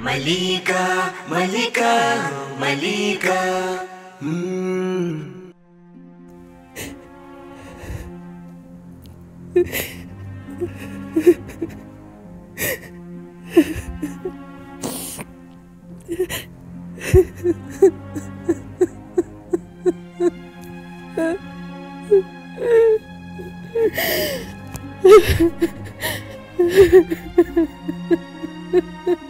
Malika, Malika, Malika. Hmm.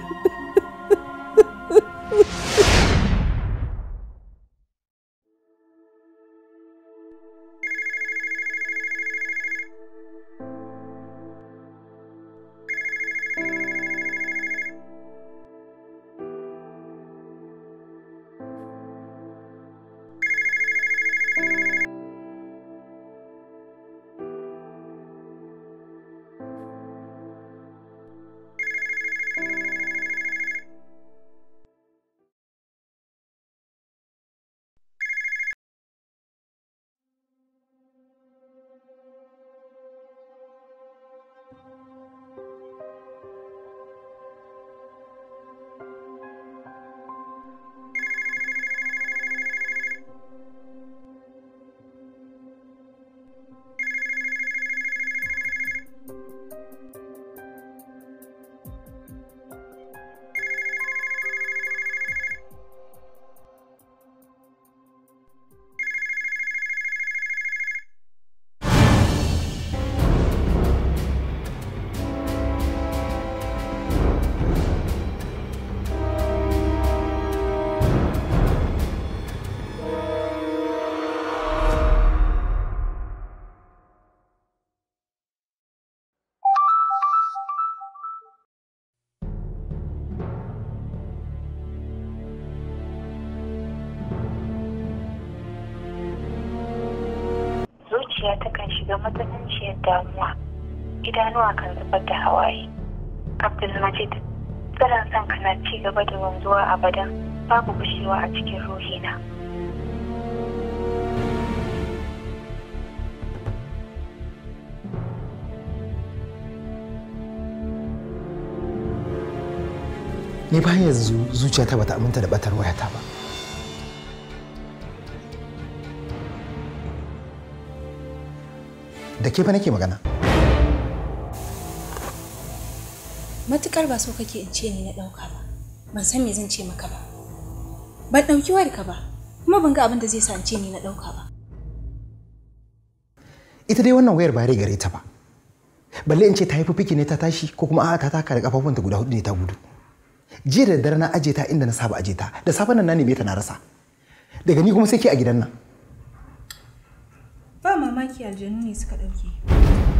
Abdulmajid, tana son ka na ci gaba da wanzuwa abadan babu gushewa a cikin ruhina. Ni ba yanzu zuciyata bata aminta da batar wayata ba. Da ke fa nake magana? matukar ba so kake in ce ni na ɗauka ba ban san me zan ce maka ba ban ɗauki wayarka ba kuma ban ga abin da zai sa in ce ni na ɗauka ba ita dai wannan wayar ba rai gare ta ba balle in ce ta haifi fiki ne ta tashi ko kuma a'a ta taka da kafafunta guda hudu ne ta gudu jiya da daddare na aje ta inda na saba aje ta da safen nan na neme ta na rasa daga ni kuma sai ke a gidan nan ba mamaki aljanu ne suka ɗauke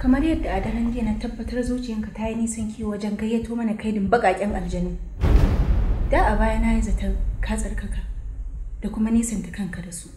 kamar yadda a daren jiya na tabbatar zuciyanka ta yi nisan kiwo wajen gayyato mana kaidin baƙaƙen aljanu da a baya na yi zaton ka tsarkaka da kuma nisanta kanka da su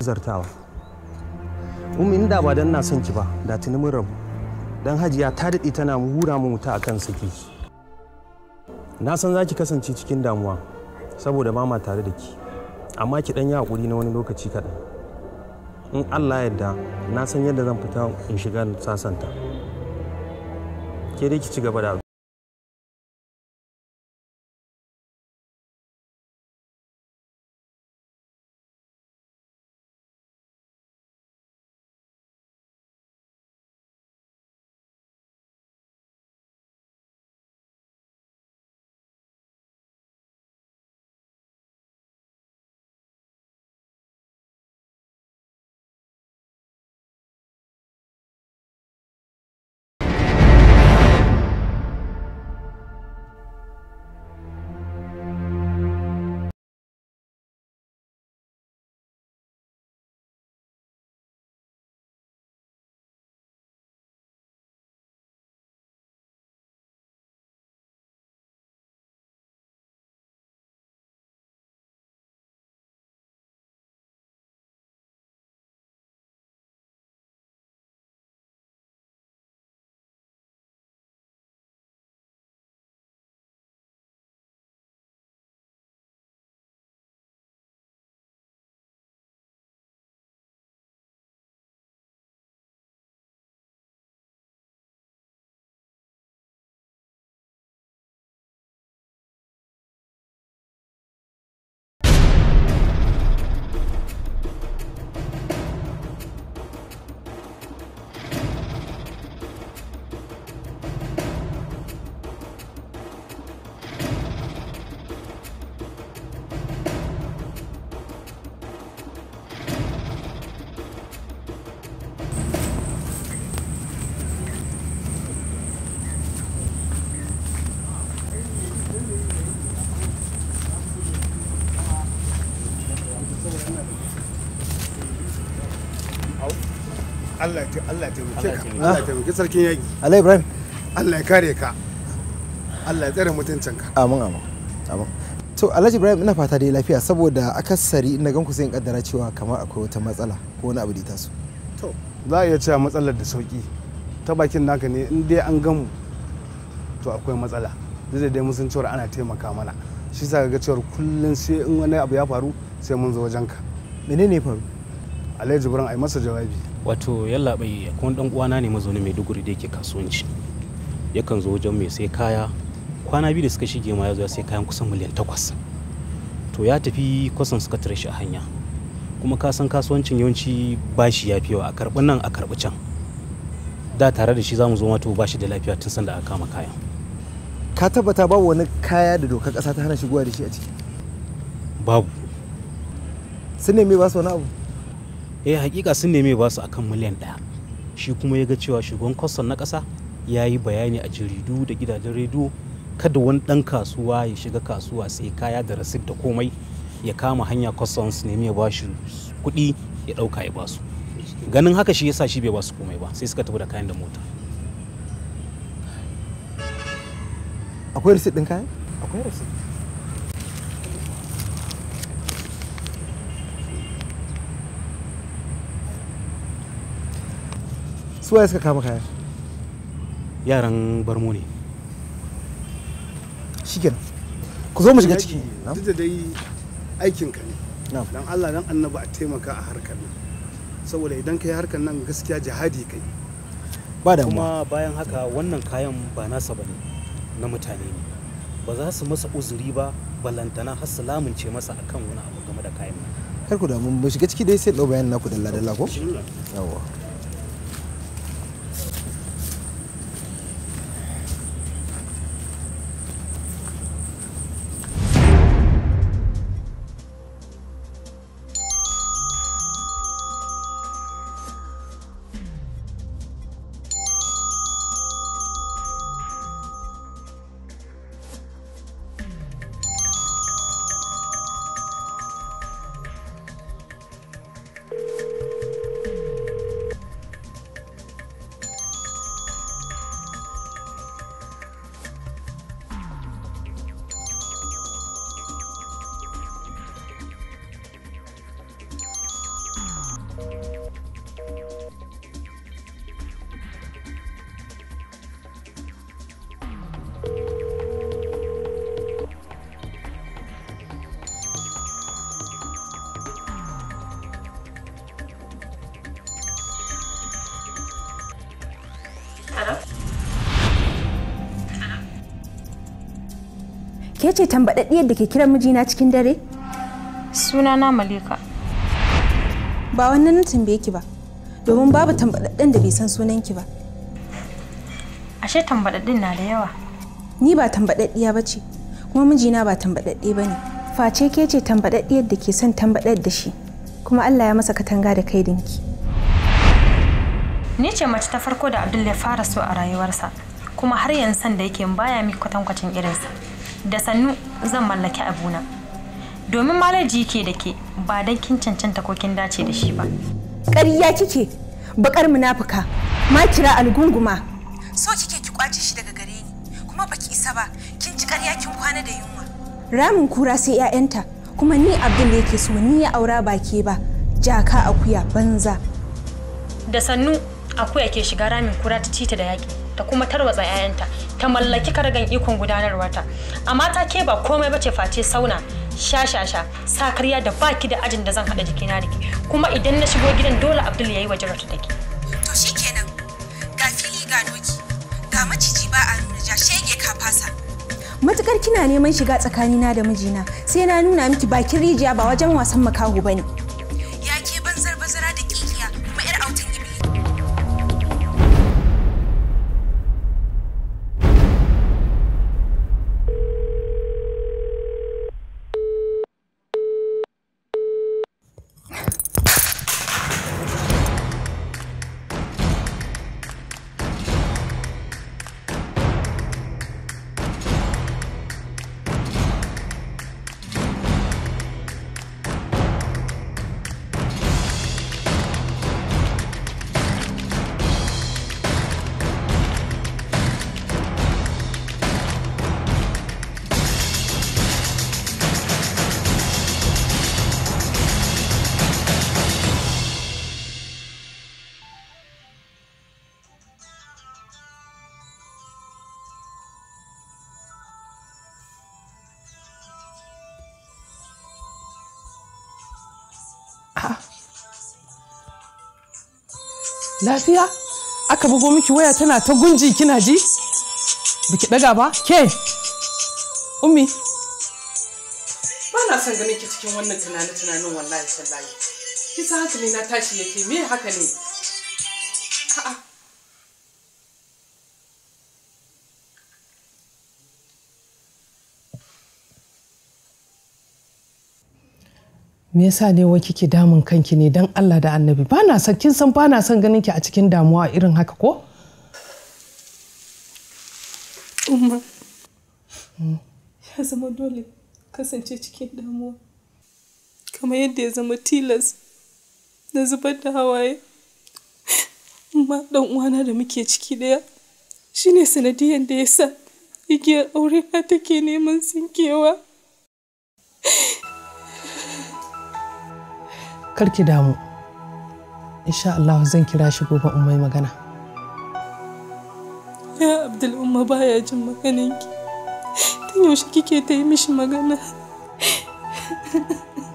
zartawa in da ba dan na son ki ba da tuni mun rabu dan hajiya ta daɗe tana hura mu wuta akan saki na san za ki kasance cikin damuwa saboda ba ma tare da ki amma ki dan yi hakuri na wani lokaci kaɗan in allah yadda na san yadda zan fita in shiga sasanta ke dai ki ci gaba da Allah ya Allah ya ka Allah ya taimake sarkin yaki Allah Ibrahim Allah ya kare ka Allah ya tsare ka. amin amin amin to Alhaji Ibrahim ina fata dai lafiya saboda akasari ina gan ku sai in kaddara cewa kamar akwai wata matsala ko wani abu da ya taso to za a iya cewa matsalar da sauki ta bakin naka ne in dai an gamu to akwai matsala duk da dai mun san cewa ana taimaka mana shi sa ga cewa kullum sai in wani abu ya faru sai mun zo wajenka menene ya faru alhaji jibrin a yi masa jawabi wato yalla bai kuma dan uwana ne mai duguri da yake kasuwanci yakan zo wajen mai sai kaya kwana biyu da suka shige ma ya zo ya sai kayan kusan miliyan takwas to ya tafi kwasan suka tare shi a hanya kuma ka san kasuwancin yawanci bashi ya fi yawa a karɓi nan a karɓi can da tare da shi za mu zo mato bashi da lafiya tun sanda aka kama kayan ka tabbata babu wani kaya da dokar ƙasa ta hana shigowa da shi a ciki babu sun ne me ba su wani abu eh hakika sun neme ba su akan miliyan ɗaya shi kuma ya ga cewa shugaban kwastam na ƙasa ya yi bayani a jaridu da gidajen rediyo kada wani ɗan kasuwa ya shiga kasuwa sai kaya da rasid da komai ya kama hanya kwastam su neme ya ba shi kuɗi ya ɗauka ya ba su ganin haka shi yasa shi bai ba su komai ba sai suka tafi da kayan da mota akwai rasid ɗin kayan akwai rasid suwa waye suka kama kaya yaran barmo ne shikenan ku zo mu shiga ciki duk da dai aikin ka ne dan Allah dan annabi a taimaka a harkar nan saboda idan kai harkar nan gaskiya jihadi kai ba da kuma bayan haka wannan kayan ba nasa bane na mutane ne ba za su masa uzuri ba balantana har su lamunce masa akan wani abu game da kayan nan kar ku damu mu shiga ciki dai sai dau bayanin naku dalla dalla ko yawa ke ce tambaɗaɗɗiyar da ke kiran mijina cikin dare? Sunana Malika. Ba wannan na tambaye ki ba, domin babu tambaɗaɗɗen da bai san sunan ki ba. Ashe tambaɗaɗɗin na da yawa. Ni ba tambaɗaɗɗiya ba ce, kuma mijina ba tambaɗaɗɗe ba ne. Face ke ce tambaɗaɗɗiyar da ke son tambaɗar da shi, kuma Allah ya masa katanga da kai dinki. Ni ce mace ta farko da Abdul ya fara so a rayuwarsa, kuma har yanzu san da yake baya miki kwatankwacin irinsa. da sannu zan mallaki abuna domin malaji ke da ke ba don kin cancanta ko kin dace da shi ba ƙarya kike bakar munafuka ma kira algunguma so kike ki kwace shi daga gare ni kuma baki isa ba kin ci ƙarya kin kwana da yunwa ramin kura sai 'ya'yanta kuma ni abdul yake so ni ya aura ba ke ba jaka akuya banza da sannu akuya ke shiga ramin kura ta cita da yaƙi ta kuma tarwatsa 'ya'yanta ta mallaki kargan ikon gudanarwarta amma ta ke ba komai bace face sauna shashasha sa karya da baki da ajin da zan hada jikina da ke kuma idan na shigo gidan dole abdul yayi wajen ta take to shikenan ga fili ga doki ga maciji ba a nuna ja shege ka fasa matukar kina neman shiga tsakanina da mijina sai na nuna miki bakin rijiya ba wajen wasan makaho bane lafiya aka bugo miki waya tana ta gunji kina ji biki daga ba ke ummi ba na son ganin ki cikin wannan tunanin tunanin wallahi sallahi kisa hankali na tashi yake me haka ne a'a me yasa ne wai kike damun kanki ne dan Allah da Annabi ba na san kin san ba na son ganin ki a cikin damuwa irin haka ko umma ya zama dole kasance cikin damuwa kamar yadda ya zama tilas na zubar da hawaye amma dan uwana da muke ciki daya shine sanadiyan da yasa igiyar aure na take neman sinkewa karki damu insha Allah zan kira shi gobe in mai magana ya abdul umma baya jin maganin ki tun yaushe kike ta yi mishi magana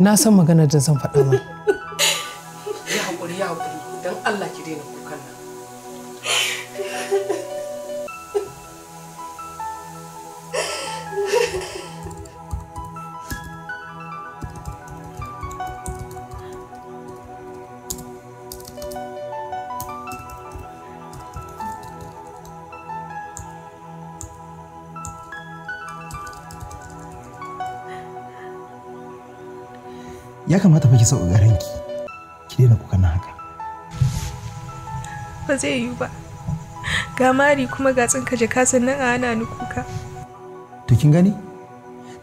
na san maganar da zan faɗa mai ya hakuri ya hakuri don Allah ki daina ya kamata fa ki sauka ranki ki daina kuka na haka ba zai yiwu ba ga mari kuma ga tsinka jaka sannan a hana ni kuka to kin gani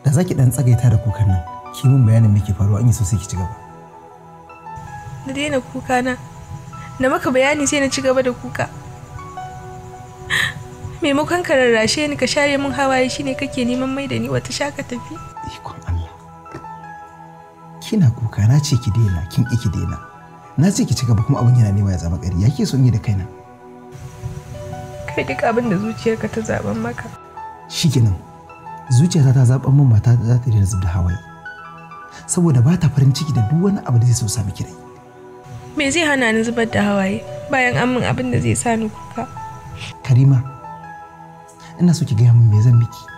da zaki dan tsagaita da kukan nan ki mun bayanin me ke faruwa an yi so sai ki ci gaba na daina kuka na na maka bayani sai na ci gaba da kuka maimakon ka rarrashe ni ka share min hawaye shine kake neman mai da ni wata shaka tafi ikon kina kuka na ce ki daina kin ki daina na ce ki ci gaba kuma abin yana nema ya zama ƙari ya ke son yi da kaina kai duk abin da zuciyarka ta zaben maka shikenan zuciyata ta zaben min mata za ta daina zubda hawaye saboda ba ta farin ciki da duk wani abu da zai so sa miki rai me zai hana ni zubar da hawaye bayan an min abin da zai sa ni kuka karima ina so ki gaya min me zan miki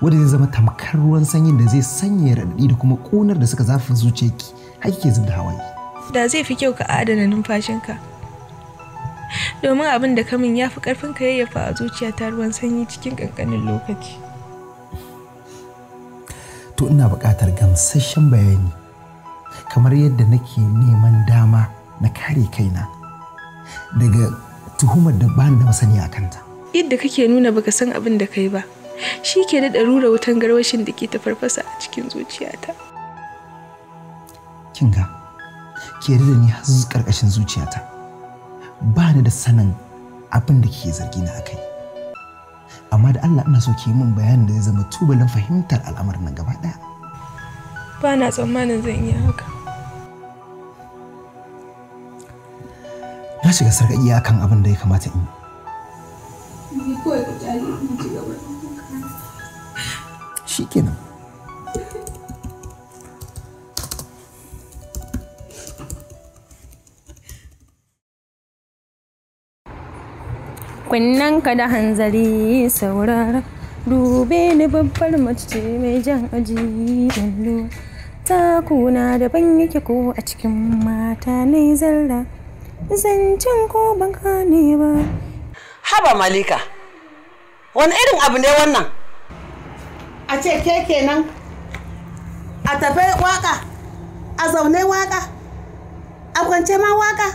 wanda zai zama tamkar ruwan sanyin da zai sanya raɗaɗi da kuma ƙunar da suka zafi zuciyarki har kike zub da hawaye da zai fi kyau ka adana numfashinka domin abin da kamin ya fi ƙarfin ka yayyafa a zuciya ta ruwan sanyi cikin ƙanƙanin lokaci to ina buƙatar gamsasshen bayani kamar yadda nake neman dama na kare kaina daga tuhumar da bani da masani a kanta yadda kake nuna baka san abin da kai ba shi ke da ɗarura wutan garwashin da ke ta farfasa a cikin zuciyata kinga ke da ni har ƙarƙashin zuciyata ba ni da sanin abin da ke zargi na akai amma da Allah ina so ki yi min bayanin da zai zama tubalin fahimtar al'amar nan gaba ɗaya ba na tsammanin zan iya haka na shiga sarƙaƙiya kan abin da ya kamata in yi Ni kawai ku ci gaba shi ka da hanzari saurara dube ni babbar mace mai jan aji allo takuna daban yake ko a cikin mata ne zarra zancen ko ban ne ba haba malika wani irin abu ne wannan a ce ke kenan a tafe waka a zaune waka a kwance ma waka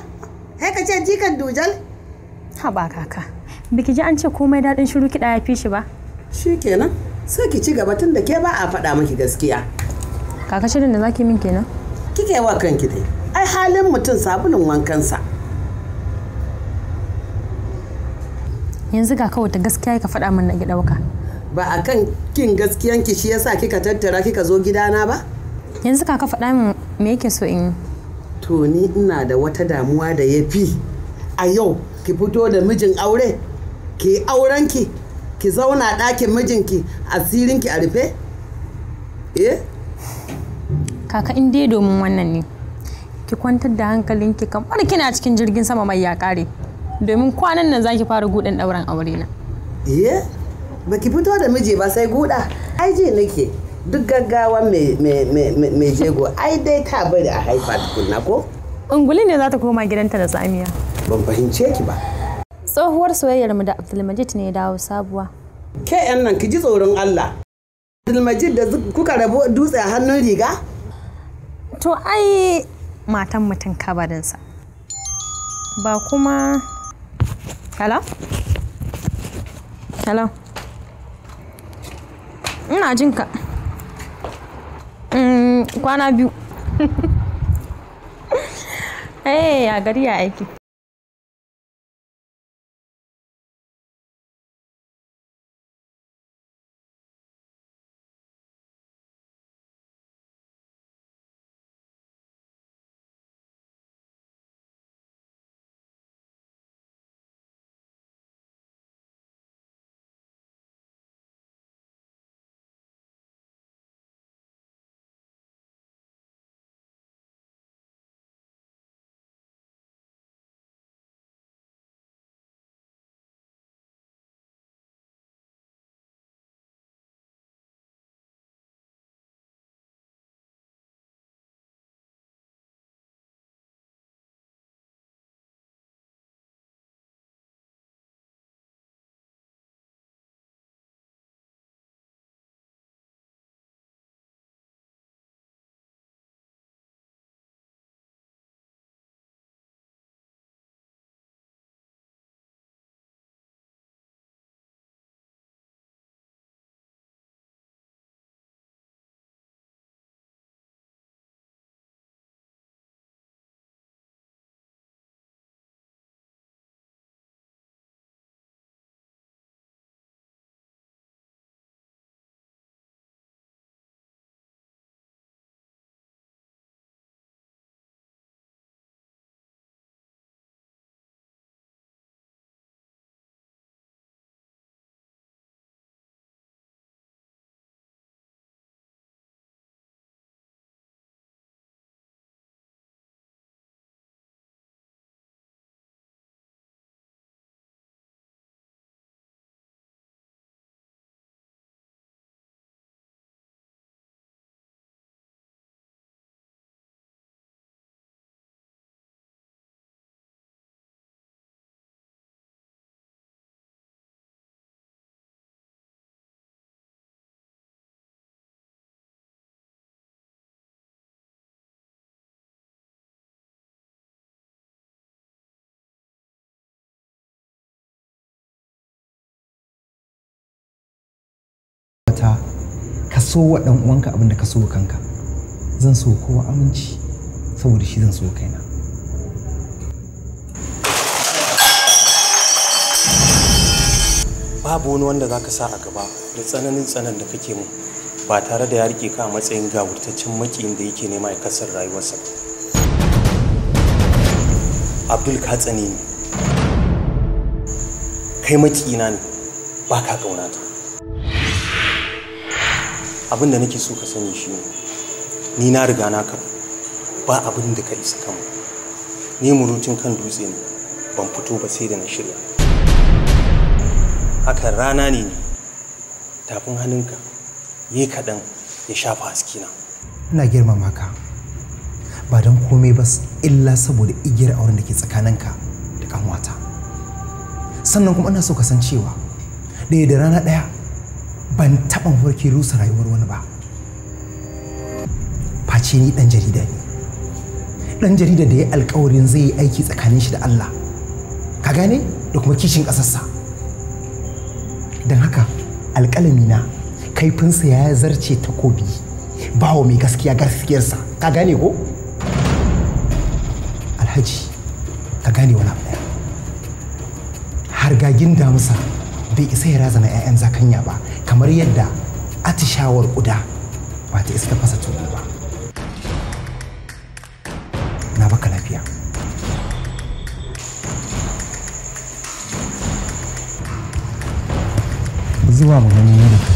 sai ka ce jikan dujal ha ba kaka biki ji an ce komai daɗin shiru kiɗa ya fi shi ba shi kenan sai ki ci gaba tun da ke ba a faɗa miki gaskiya kaka shirin da zaki min kenan kike wa kanki dai ai halin mutum sabulun wankansa yanzu ga kawai ta gaskiya ka faɗa min na gida ɗauka ba a kan kin gaskiyanki shi yasa kika tattara kika zo gidana ba yanzu kaka faɗa min me yake so in to ni ina da wata damuwa da ya fi a yau ki fito da mijin aure ki aurenki ki zauna ɗakin mijinki asirinki a rufe eh kaka in dai domin wannan ne ki kwantar da hankalinki kamar kina cikin jirgin sama mai ya kare domin kwanan nan zaki fara gudan ɗauran aure na eh baki fito da miji ba sai guda ai je nake duk gaggawa mai jego ai dai ta bari a haifa tukunna ko unguli ne za ta koma gidanta da tsamiya ban fahimce ki ba tsohuwar soyayyar mu da abdulmajid ne dawo sabuwa ke yan nan ki ji tsoron allah abdulmajid da kuka rabo dutse a hannun riga to ai matan mutum kabarinsa ba kuma hello hello ina jin ka mm, kwana biyu eh a gari ya aiki ka ka so wa ɗan uwanka abin da ka so kanka zan so kowa aminci saboda shi zan so kaina babu wani wanda zaka ka sa a gaba da tsananin tsanan da kake mu ba tare da ya rike ka a matsayin gawurtaccen makiyin da yake nema ya kasar rayuwarsa abdul ka tsane kai makiyina ne ba ka ƙaunata abin da nake so ka sani shi ne ni na riga na ka ba abin da ka isa kan ni murutun kan dutse ne ban fito ba sai da na shirya hakan rana ne tafin hannunka yi kaɗan ya shafa haske na. ina girmama ka ba don komai ba illa saboda igiyar auren da ke tsakaninka da kanwata sannan kuma ina so ka san cewa ɗaya da rana ɗaya ban taɓa mafarki rusa rayuwar wani ba face ni ɗan jarida ne ɗan jarida da ya alkawarin zai yi aiki tsakanin shi da Allah ka gane da kuma kishin ƙasarsa don haka alƙalami na kaifinsa ya zarce takobi bawa mai gaskiya gaskiyarsa ka gane ko alhaji ka gane wani abu ɗaya hargagin damusa bai isa ya razana 'ya'yan zakanya ba kamar yadda atishawar ƙuda ba ta iska fasa tuni ba na baka lafiya zuwa mu gani ne da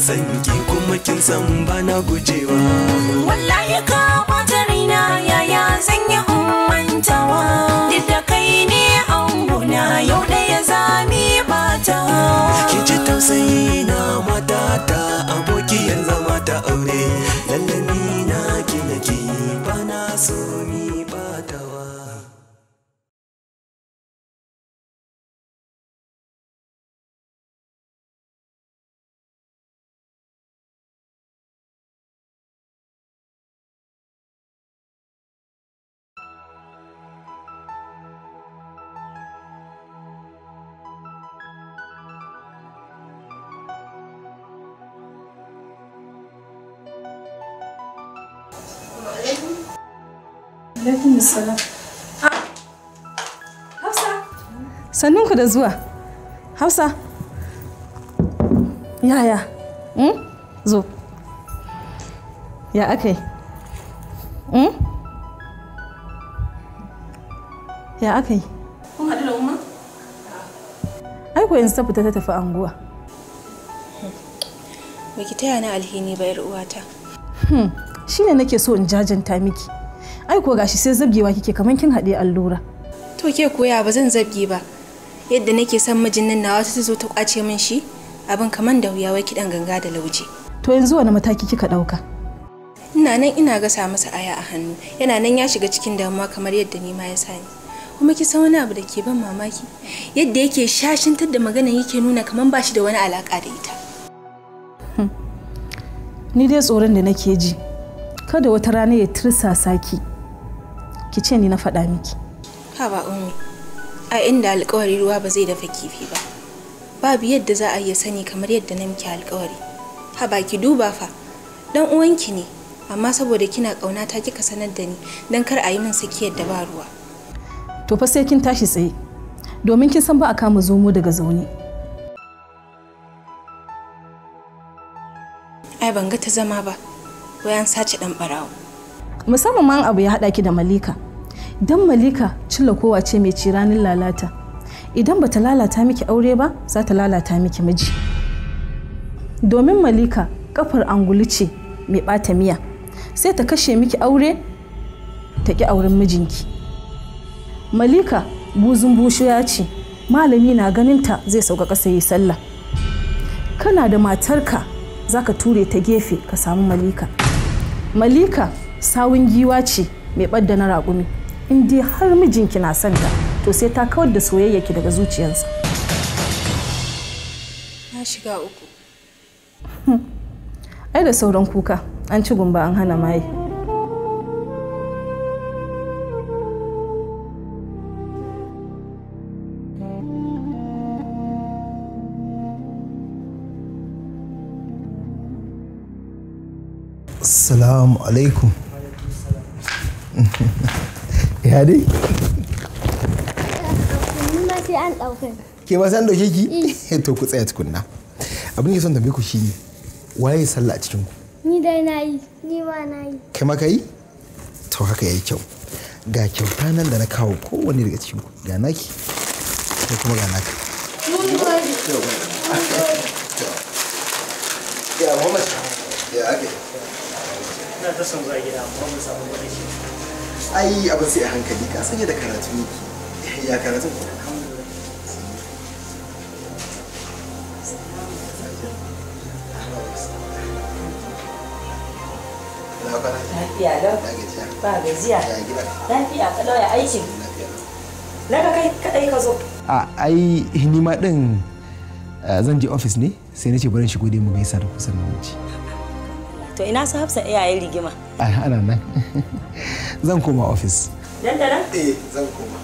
san ki kuma kin san bana gujewa wallahi ka bata na yaya zan yi ummantawa duk da kai ne na yau da ya zami bata ki ji tausayi na matata abokiyar zama ta aure lallami na ki ba bana so ni Alaikum ah, ku da zuwa. Hausa! Yaya. Mm? Zo. Ya aka yi? Hmm? Ya yi? Kun haɗu da Umma? Ai ko yanzu ta fita ta tafi anguwa. Ba ki taya na alhini ba 'yar uwata. Hmm. Shi ne nake so in jajanta miki. ai ko gashi sai zabgewa kike kaman kin haɗe allura to ke koya ba zan zabge ba yadda nake san mijin nan nawa ta zo ta kwace min shi abin kaman da wuya wai kidan ganga da lauje to yanzu wani mataki kika ɗauka ina nan ina gasa masa aya a hannu yana nan ya shiga cikin damuwa kamar yadda ni ma ya sani kuma ki san wani abu da ke ban mamaki yadda yake shashintar da magana yake nuna kaman ba shi da wani alaka da ita hmm. ni dai tsoron da nake ji kada wata rana ya tirsasa ki ki ce ni na faɗa miki ha ba ummi a inda alkawari ruwa ba zai dafa kifi ba babu yadda za a iya sani kamar yadda na miki alkawari ha ba ki duba fa dan uwanki ne amma saboda kina ƙauna ta kika sanar da ni dan kar a yi min sakiyar da ba ruwa to fa sai kin tashi tsaye domin kin san ba a kama zomo daga zaune ai ban ga ta zama ba wai an sace dan barawo musamman man abu ya haɗa ki da malika idan malika cilla kowa ce mai ci ranin lalata idan bata lalata miki aure ba za ta lalata miki miji domin malika kafar angulu ce mai ɓata miya sai ta kashe miki aure ta ki auren mijinki malika buzun bushiya ce malami na ganin ta zai sauka ƙasa yi sallah kana da matarka za ka ture ta gefe ka samu malika malika sawun giwa ce mai ɓadda na raƙumi in dai har mijinki na santa to sai ta kawar da soyayyaki daga zuciyarsa na shiga uku hmm. ai da sauran kuka an ci gumba an hana maye Assalamu alaikum. ya dai ke ba san dauke ki eh. to ku tsaya tukunna abin yi son tambaye ku shine waye sallah a cikin ku ni dai na yi ni ma yi. kai ma kai to haka yayi kyau ga kyauta nan da na kawo kowanne daga cikin ku ga naki ko kuma ga naka ya Muhammad ya ake ina ta son zuwa gida Muhammad sabon gwada shi ai abin sai a hankali ka sanya da karatu ne eh, ya karatu Lafiya lau, ba gajiya, lafiya kalau ya aikin. Naga kai kadai ka zo. A ai ni ma din eh, zan je ofis ne sai na ce barin shigo dai mu gaisa da kusan na wuce. To ina su hafsa iyayen rigima. Ai ana nan. zan koma ofis. Dandana? Eh, zan koma.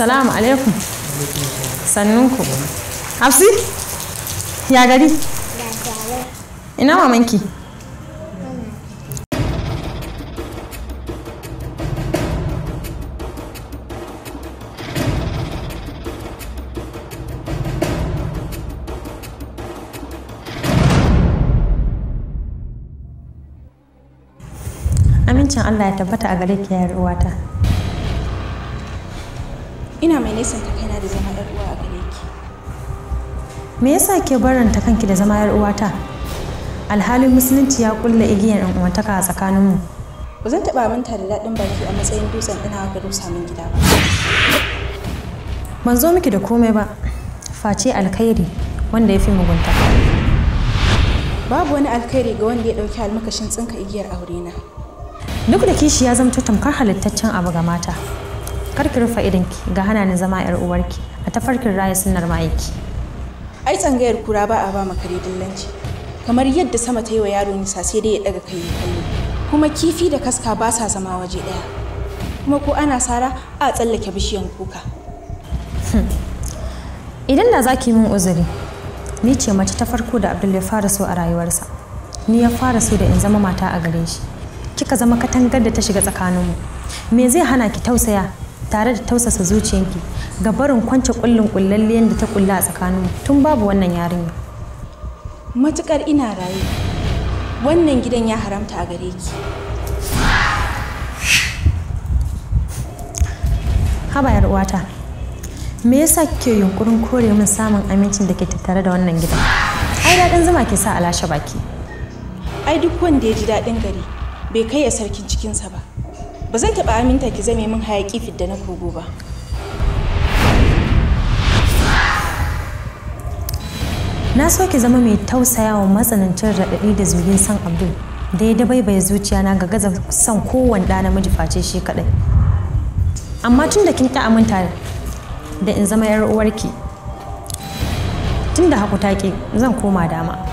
salamu alaikum sannunku hafsi ya gari ina mamanki amincin allah ya tabbata a gare ki yar uwata ina mai nesanta kaina da zama yar uwa a gare ki me yasa ke baranta kanki da zama yar uwata alhalin musulunci ya kulla igiyar ɗan uwataka a tsakaninmu ba zan taɓa manta da daɗin baki a matsayin dutsen ina ga rusa min gida ba ban zo miki da komai ba face alkhairi wanda ya fi mugunta babu wani alkhairi ga wanda ya ɗauki almakashin tsinka igiyar aure na duk da kishi ya zamto tamkar halittaccen abu ga mata kar ki rufe ki ga hana ni zama yar uwarki a tafarkin raya sunnar mayiki ai tsangayar kura ba a ba maka kare dillanci kamar yadda sama ta yi wa yaro nisa sai dai ya daga kai kallo kuma kifi da kaska ba sa zama waje daya kuma ko ana sara a tsallake bishiyan kuka hmm. idan da za ki min uzuri ni ce mace ta farko da abdul ya fara so a rayuwarsa ni ya fara so da in zama mata a gare shi kika zama katangar da ta shiga tsakaninmu me zai hana ki tausaya tare da tausasa zuciyanki ga barin kwance kullun kullalliyan da ta kulla a tsakanin tun babu wannan yarinya matukar ina raye wannan gidan ya haramta a gare ki haba yar uwata me yasa kike yunkurin kore min samun amincin da ke tattare da wannan gidan ai daɗin zama ke sa alasha baki ai duk wanda ya ji daɗin gari bai kai ya sarkin cikinsa ba ba zan taɓa aminta ki zame min hayaƙi fidda na kogo ba na so ki zama mai tausaya wa matsanancin raɗaɗi da zugin san abdul da ya dabai dabaibaye zuciyana ga gaza son kowane ɗa namiji face shi kaɗai amma tun da kin ƙi aminta da in zama 'yar uwarki tun da haku take zan koma dama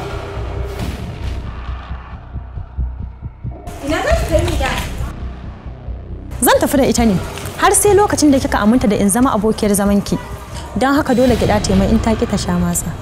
tafi da ita ne har sai lokacin da kika aminta da in zama abokiyar zamanki don haka dole gida taimai in ta ki ta sha matsa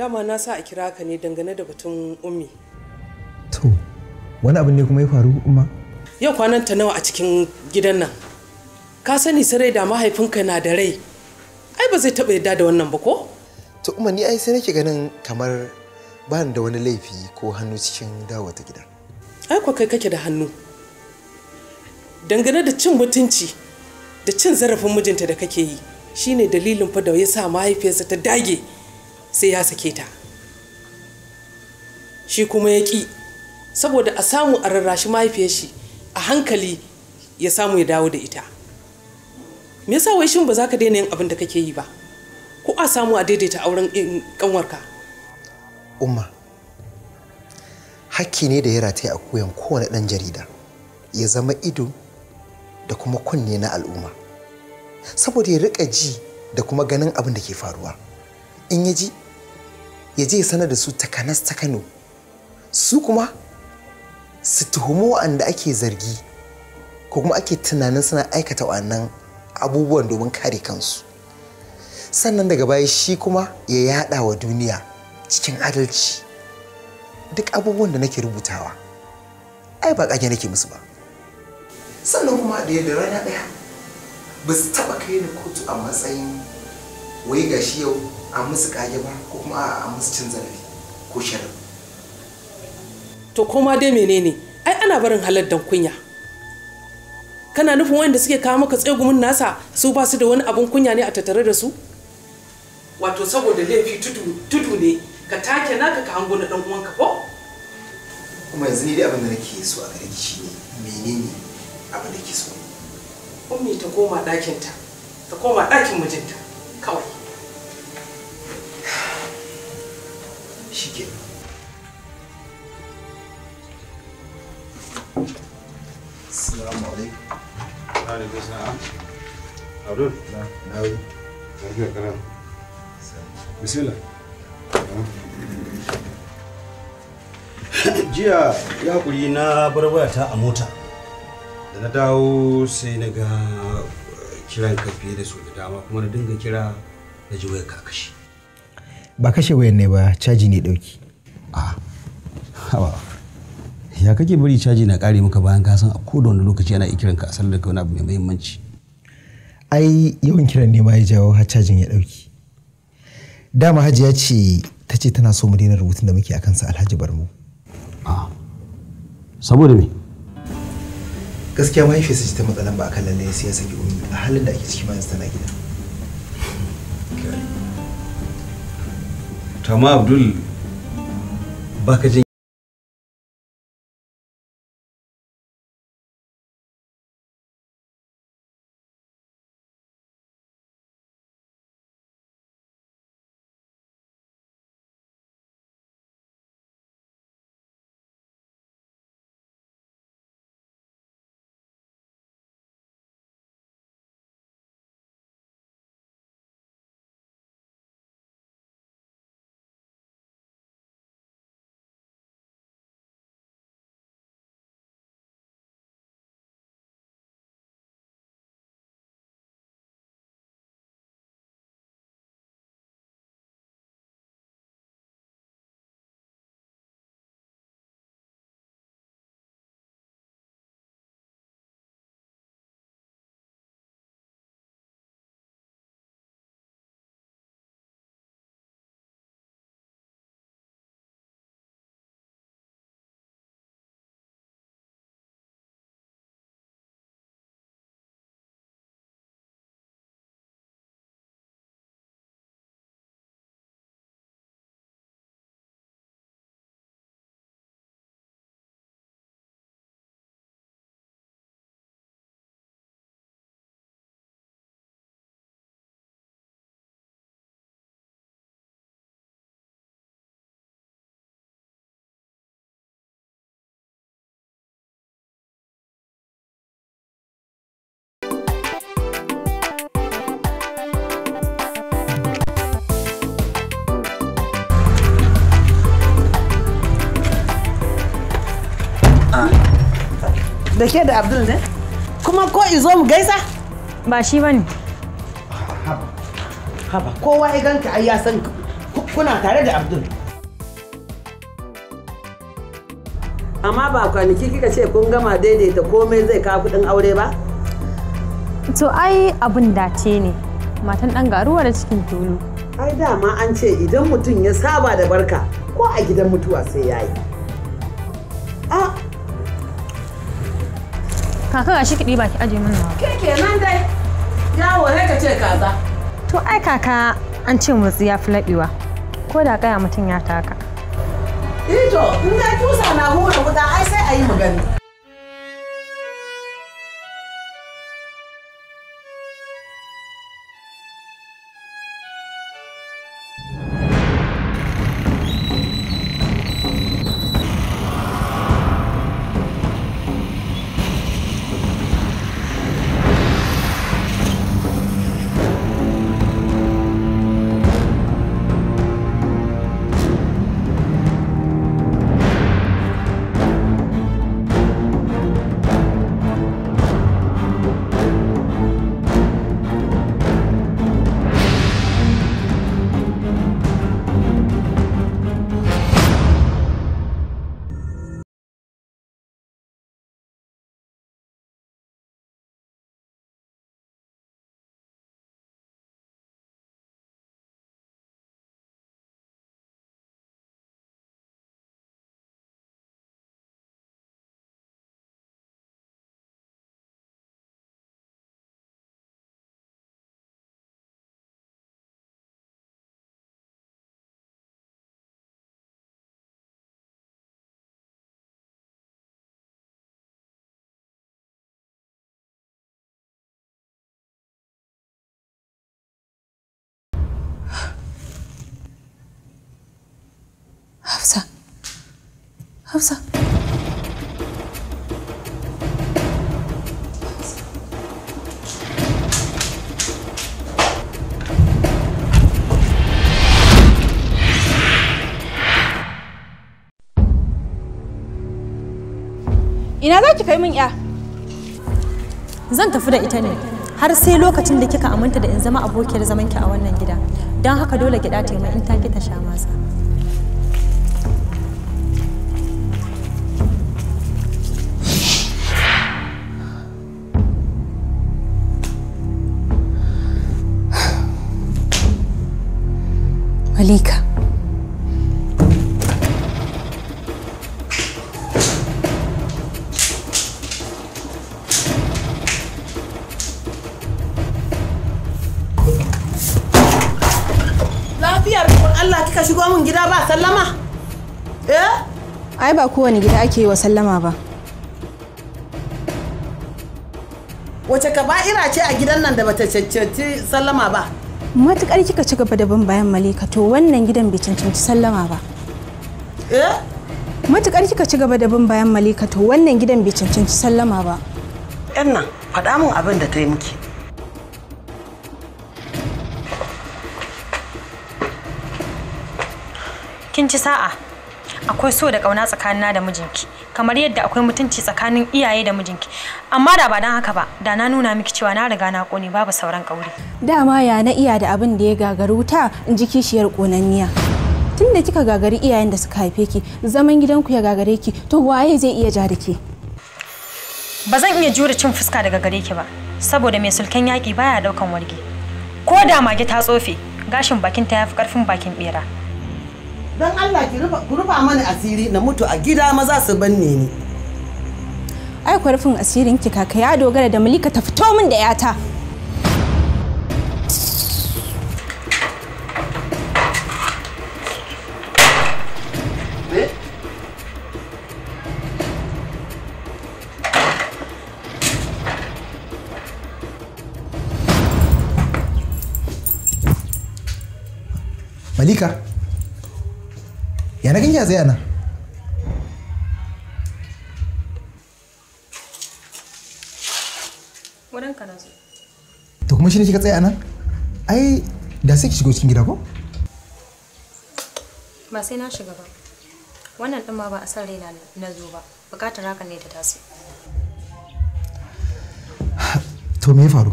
dama na sa a kira ka ne dangane da batun ummi to wani abu ne kuma ya faru umma yau kwanan ta nawa a cikin gidan nan ka sani sarai da mahaifinka na da rai ai ba zai taɓa yadda da wannan ba ko to umma ni ai sai nake ganin kamar ba da wani laifi ko hannu cikin dawo ta gidan ai kai kake da hannu dangane da cin mutunci da cin zarafin mijinta da kake yi shine dalilin fa da ya mahaifiyarsa ta dage sai ya sake ta shi kuma ya ƙi saboda a samu a rarrashi mahaifiyar shi a hankali ya samu ya dawo da ita me yasa wai shin ba za ka daina yin abin da kake yi ba ko a samu a daidaita auren kanwarka eh, umma hakki ne da ya rataye a koyan kowane ɗan jarida ya zama ido da kuma kunne na al'umma saboda ya rika ji da kuma ganin abin da ke faruwa in ya ji ya je sanar da su takanas ta Kano su kuma su tuhumo waɗanda ake zargi ko kuma ake tunanin suna aikata wannan abubuwan domin kare kansu sannan daga baya shi kuma ya yada wa duniya cikin adalci duk abubuwan da nake rubutawa ai ba kage nake musu ba sannan kuma da yadda rana daya ba su taɓa kai ni kotu a matsayin wai gashi yau a musu kage ba ko kuma a musu cin zarafi ko sharri to koma dai menene ai ana barin halar dan kunya kana nufin wanda suke kawo maka tsegumin nasa su ba su da wani abun kunya ne a tattare da su wato saboda laifi tudu ne ka take naka ka hango na dan uwanka ko kuma yanzu ni dai abin da nake so a gare shi ne menene abin da ke so ummi ta koma ɗakinta ta koma ɗakin mijinta kawai Jiya ya hakuri na bar wayata a mota. Da na dawo sai na ga uh, kiran ka fiye da su da dama kuma na dinga kira na ji wayar kakashi. ba kashe wayan ne ba caji ne dauki a ah, hawa ya kake bari caji na kare maka bayan ka san a koda wani lokaci ana kiran ka a sanar da kai wani abu mai muhimmanci ai yawan kiran ne ma ya jawo har cajin ya dauki dama ya ce ta ce tana so mu daina rubutun da muke akan sa alhaji barmu a ah. saboda me gaskiya mahaifiyarsa ce ta matsalan ba akan lalle sai ya saki umi a halin da ake ciki ma yanzu tana gida tama abdul baka da ke da abdul ne kuma ko izo mu gaisa ba shi ba ne haba kowa ya ganka ai ya san kuna tare da abdul amma ba kwanaki kika ce kun gama daidaita komai zai kawo kudin aure ba to ai abun dace ne matan dan garuwa da cikin tulu ai dama an ce idan mutum ya saba da barka ko a gidan mutuwa sai yayi Kaka gashi shi ɗiba ki aje min nawa. Ke kenan dai. Yawo sai ka ce kaza. To ai kaka an ce motsi ya fi laɓewa. Ko da kaya mutum ya taka. Ito, in dai tusa na hura wuta ai sai a yi Hafsa. Ina za ki kai min ya? Zan tafi da ita ne har sai lokacin da kika aminta da in zama abokiyar zamanki a wannan gida. Don haka dole gida ta in ta ki ta sha masa. Angélica. Lafiyar Allah kika shigo min gida ba sallama? Eh? Ai ba kowane gida ake yi wa sallama ba. Wace kaba'ira ce a gidan nan da bata cancanci sallama ba? matukar kika ci gaba da bin bayan malika to wannan gidan bai cancanci sallama ba eh matukar kika ci gaba da bin bayan malika to wannan gidan bai cancanci sallama ba yan nan faɗa min abin da ta yi miki kin ci sa'a akwai so da kauna tsakanina da mijinki kamar yadda akwai mutunci tsakanin iyaye da mijinki amma da ba dan haka ba da na nuna miki cewa na riga na kone babu sauran kauri dama ya na iya da abin da ya gagaru wuta in ji kishiyar konanniya tunda kika gagari iyayen da suka haife ki zaman gidanku ya gagare ki to waye zai iya ja da ke ba zan iya jure cin fuska daga gare ki ba saboda mai sulken yaki baya daukan warge ko da mage ta tsofe gashin bakin ta yafi karfin bakin bera don Allah ki rufa mana asiri na mutu a gida maza su banne ni ai ku rufin asirin ki kaka ya dogara da malika ta fito min da yata Malika. ya na ya a tsaye nan ka na to kuma shine shi tsaya nan ai da sai ki shigo cikin gida ko ba sai na shiga ba wannan din ma ba a san raina na zo ba bukatar haka ne ta taso to me ya faru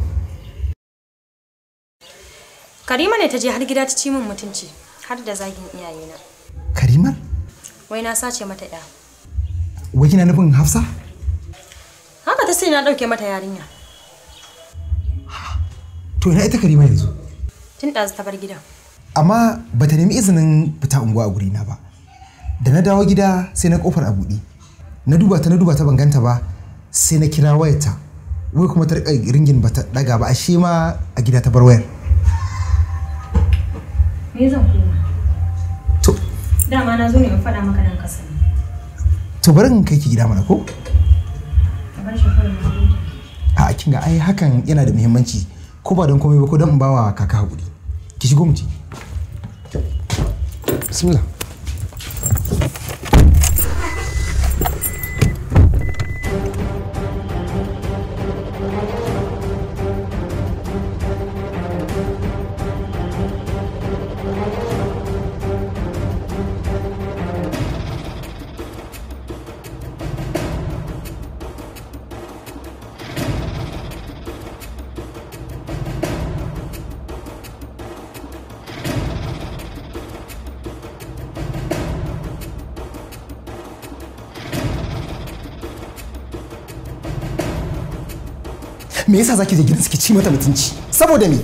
karima ne ta je har gida ta ci min mutunci har da zagin iyayena karimar wai na sace mata ɗaya. wai kina nufin hafsa haka ta sai na dauke mata yarinya to ina ita karima yanzu tun ɗazu ta bar gidan amma bata nemi izinin fita unguwa a na ba da na dawo gida sai na kofar a buɗe na duba ta na duba ta ban ganta ba sai na kira wayarta wai kuma ta riƙa ringin bata daga ba ashe ma a gida ta bar wayar me zan koma dama na to bari in kai ki gida mana ko a kin ga ai hakan yana da muhimmanci ko ba don komai ba ko don in bawa kaka hakuri ki shigo mu ci bismillah me yasa zaki je gidan suke ci mata mutunci saboda me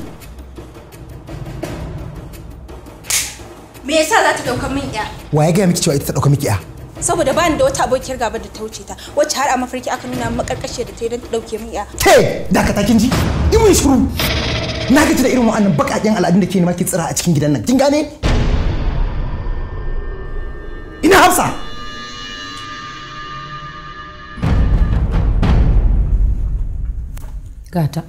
me yasa za ta dauka min ya wa ya gaya miki cewa ita ta dauka miki ya saboda bani da wata abokiyar gaba da ta wuce ta wacce har a mafarki aka nuna makarkashe da ta yi don ta dauke min ya ke da ka takin ji in mun shiru na gaji da irin wa'annan bakaken al'adun da ke nema ke tsira a cikin gidan nan kin gane ina hafsa Gata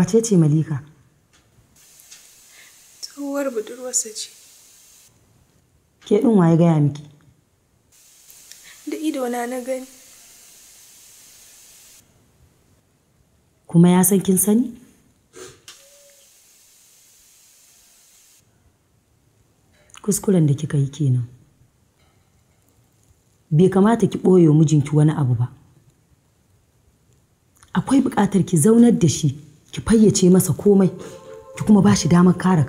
wace ce malika tsohuwar budurwarsa ce ke ɗin waye gaya miki da idona na gani kuma ya san kin sani kuskuren da kika yi kenan bai kamata ki ɓoye mijinki wani abu ba akwai buƙatar ki zaunar da shi ki fayyace masa komai ki kuma ba shi damar kare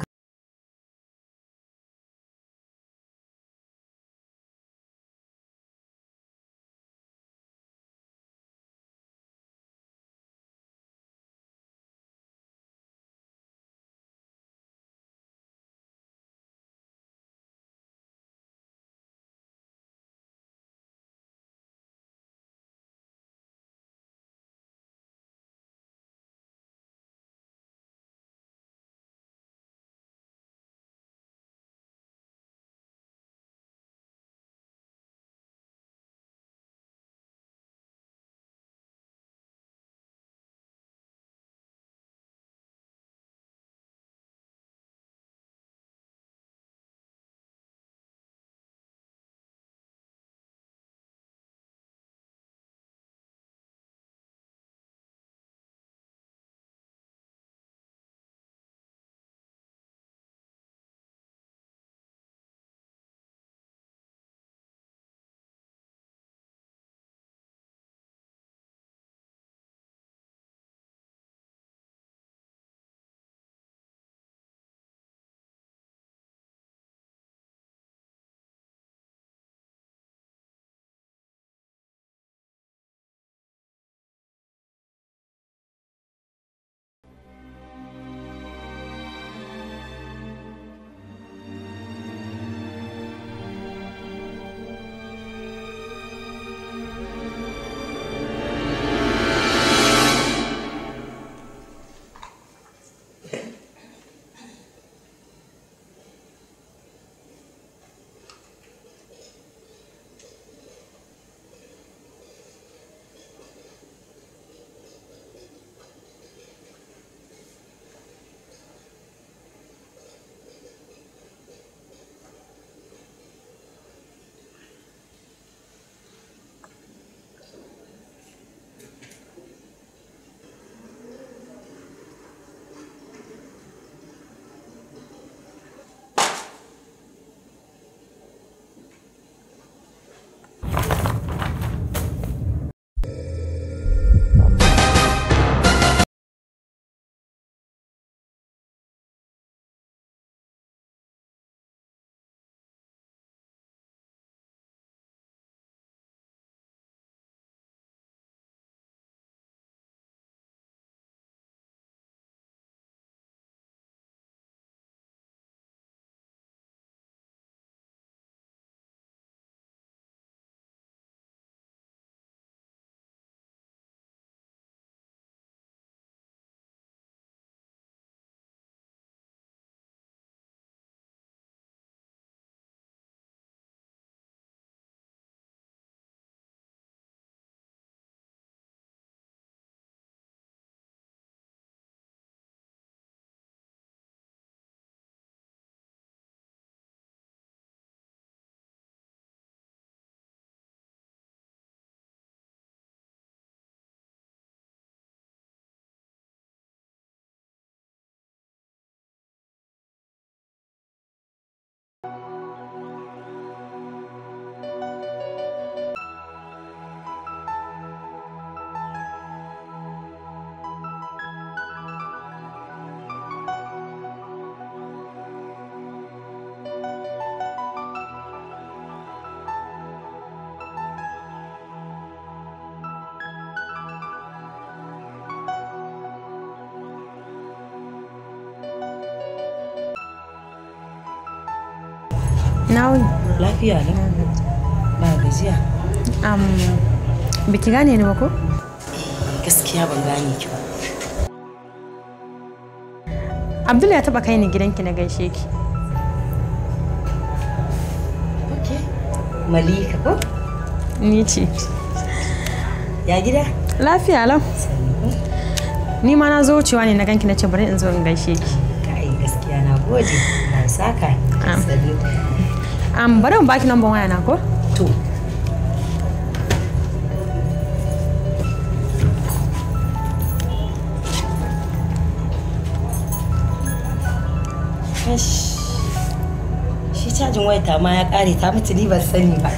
ina lafiya ne ba gajiya um biki gane ni ba ko gaskiya ban gane ki ba Abdul ya taba kai ni gidanki na gaishe ki Malika ko? Ni ce. Ya gida? Lafiya lau. Ni ma na zo wucewa ne na ganki na ce bari in zo in gaishe ki. Kai gaskiya na gode. Na saka. Salut. um, bari in baki number waya na ko to shi cajin waya ta ma ya kare ta mutu ni ban sani ba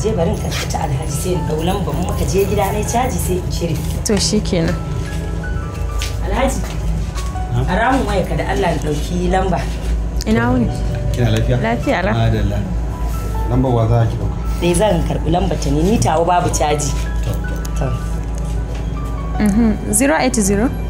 je barin ka out alhaji sai in dau lambar mu ka je gida caji sai in cire to can. alhaji a ramin waya ka Allah ya dauki lamba ina wuni kina lafiya lafiya ra adalla lambar wa za ki dauka dai eh, zan karbi lambar ta ne ni tawo babu caji to to 080